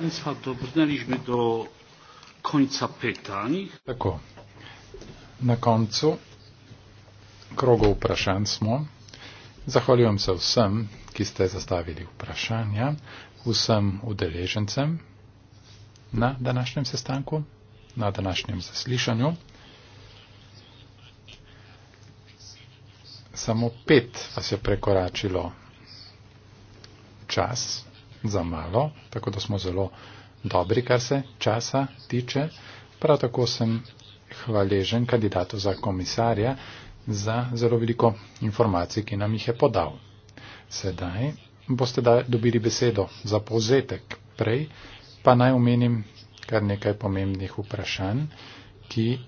państwa dobrnęliśmy do końca pytań. Tako. Na końcu krogu upraszań smo. Zachwaliłem się wszystkim, którzy zostawili upraszania, wszystkim udeleżącym na današnjem sestanku, na današnjem zaslišanju. Samo pet vas je prekoračilo čas, za malo, tako da smo zelo dobri, kar se časa tiče. Prav tako sem hvaležen kandidatu za komisarja za zelo veliko informacij, ki nam jih je podal. Sedaj boste dobili besedo za povzetek. Prej pa naj omenim kar nekaj pomembnih vprašanj, ki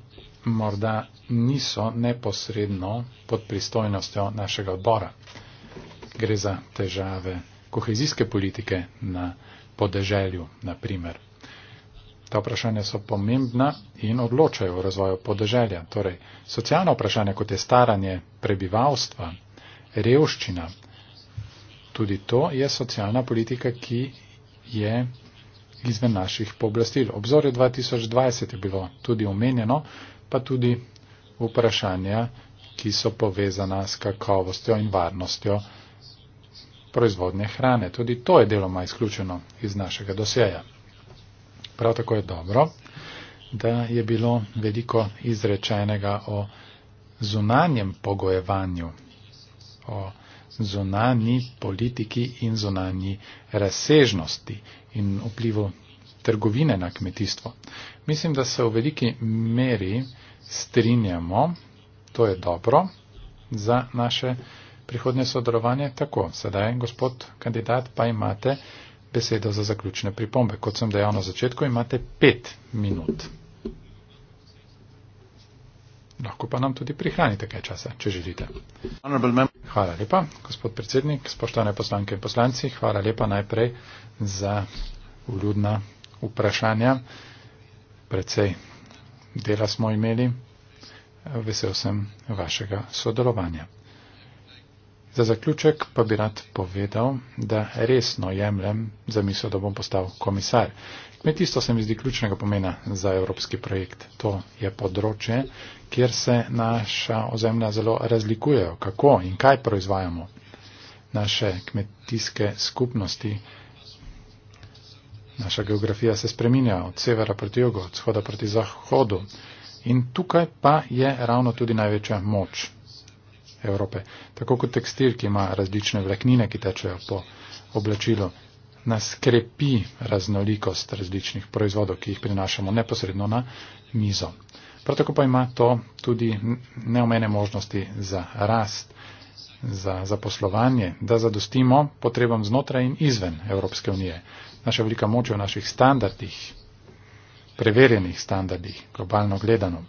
morda niso neposredno pod pristojnostjo našega odbora. Gre za težave kohezijske politike na podeželju, naprimer. Ta vprašanja so pomembna in odločajo v razvoju podeželja. Torej, socialna vprašanja, kot je staranje prebivalstva, revščina, tudi to je socialna politika, ki je izven naših pooblastil. Obzorje 2020 je bilo tudi omenjeno, pa tudi vprašanja, ki so povezana s kakovostjo in varnostjo proizvodnje hrane. Tudi to je deloma izključeno iz našega dosjeja. Prav tako je dobro, da je bilo veliko izrečenega o zunanjem pogojevanju, o zunanji politiki in zunanji razsežnosti in vplivu trgovine na kmetijstvo. Mislim, da se v veliki meri strinjamo, to je dobro za naše prihodnje sodelovanje. Tako, sedaj, gospod kandidat, pa imate besedo za zaključne pripombe. Kot sem dejal na začetku, imate pet minut. Lahko pa nam tudi prihranite kaj časa, če želite. Hvala lepa, gospod predsednik, spoštovane poslanke in poslanci. Hvala lepa najprej za uljudna vprašanja. Predvsej dela smo imeli. Vesel sem vašega sodelovanja. Za zaključek pa bi rad povedal, da resno jemljem za misel, da bom postal komisar. Kmetijstvo se mi zdi ključnega pomena za evropski projekt. To je področje, kjer se naša ozemlja zelo razlikujejo, kako in kaj proizvajamo. Naše kmetijske skupnosti, naša geografija se spreminja od severa proti jugu, od shoda proti zahodu. In tukaj pa je ravno tudi največja moč Evrope. Tako kot tekstil, ki ima različne vlaknine, ki tečejo po oblačilu, nas krepi raznolikost različnih proizvodov, ki jih prinašamo neposredno na mizo. Prav tako pa ima to tudi neomene možnosti za rast, za zaposlovanje, da zadostimo potrebam znotraj in izven Evropske unije. Naša velika moč je v naših standardih, preverjenih standardih, globalno gledano.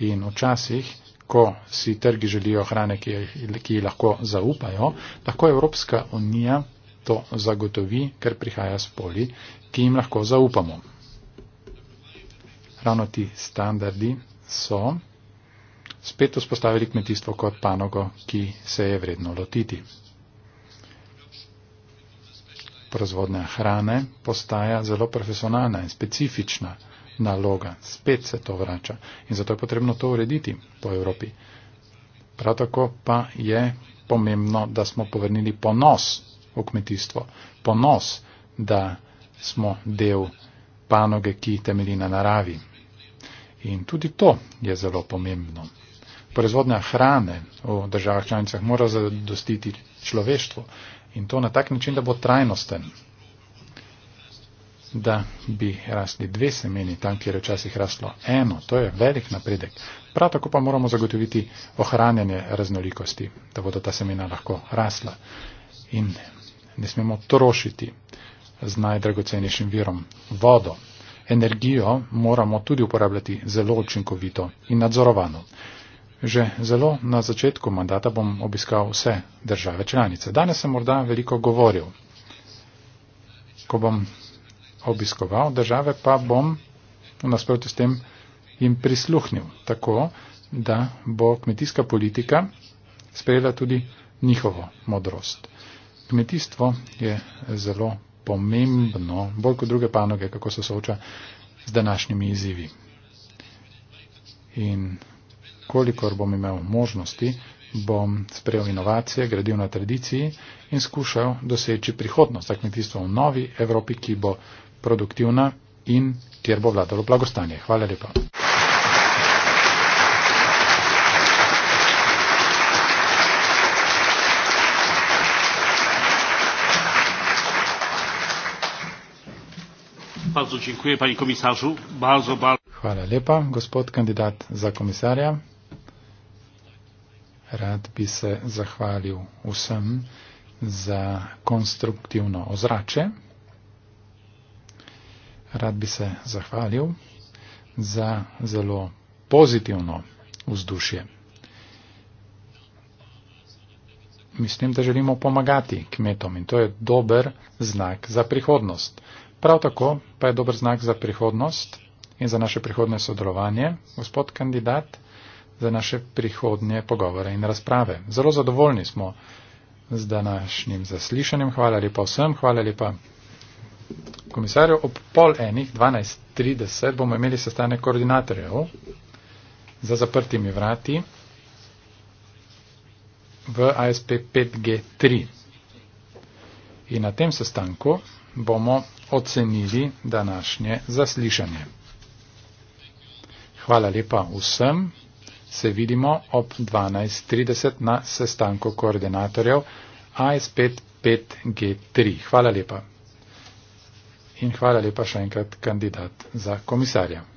In včasih ko si trgi želijo hrane, ki ji lahko zaupajo, lahko Evropska unija to zagotovi, ker prihaja z poli, ki jim lahko zaupamo. Ravno ti standardi so spet vzpostavili kmetijstvo kot panogo, ki se je vredno lotiti. Proizvodnja hrane postaja zelo profesionalna in specifična naloga. Spet se to vrača. In zato je potrebno to urediti po Evropi. Prav tako pa je pomembno, da smo povrnili ponos v kmetijstvo. Ponos, da smo del panoge, ki temelji na naravi. In tudi to je zelo pomembno. Proizvodnja hrane v državah članicah mora zadostiti človeštvo. In to na tak način, da bo trajnosten da bi rasli dve semeni tam, kjer je včasih raslo eno. To je velik napredek. Prav tako pa moramo zagotoviti ohranjanje raznolikosti, da bodo ta semena lahko rasla. In ne smemo trošiti z najdragocenejšim virom vodo. Energijo moramo tudi uporabljati zelo učinkovito in nadzorovano. Že zelo na začetku mandata bom obiskal vse države članice. Danes sem morda veliko govoril. Ko bom obiskoval države, pa bom v nasprotju s tem jim prisluhnil, tako da bo kmetijska politika sprejela tudi njihovo modrost. Kmetijstvo je zelo pomembno, bolj kot druge panoge, kako se sooča z današnjimi izzivi. In kolikor bom imel možnosti, bom sprejel inovacije, gradil na tradiciji in skušal doseči prihodnost za kmetijstvo v novi Evropi, ki bo produktivna in kjer bo vladalo blagostanje. Hvala lepa. Hvala lepa, gospod kandidat za komisarja. Rad bi se zahvalil vsem za konstruktivno ozrače. Rad bi se zahvalil za zelo pozitivno vzdušje. Mislim, da želimo pomagati kmetom in to je dober znak za prihodnost. Prav tako pa je dober znak za prihodnost in za naše prihodne sodelovanje, gospod kandidat, za naše prihodnje pogovore in razprave. Zelo zadovoljni smo z današnjim zaslišanjem. Hvala lepa vsem, hvala lepa komisarjev ob pol enih, 12.30, bomo imeli sestanek koordinatorjev za zaprtimi vrati v ASP 5G3. In na tem sestanku bomo ocenili današnje zaslišanje. Hvala lepa vsem. Se vidimo ob 12.30 na sestanku koordinatorjev ASP 5G3. Hvala lepa in hvala lepa še enkrat kandidat za komisarja.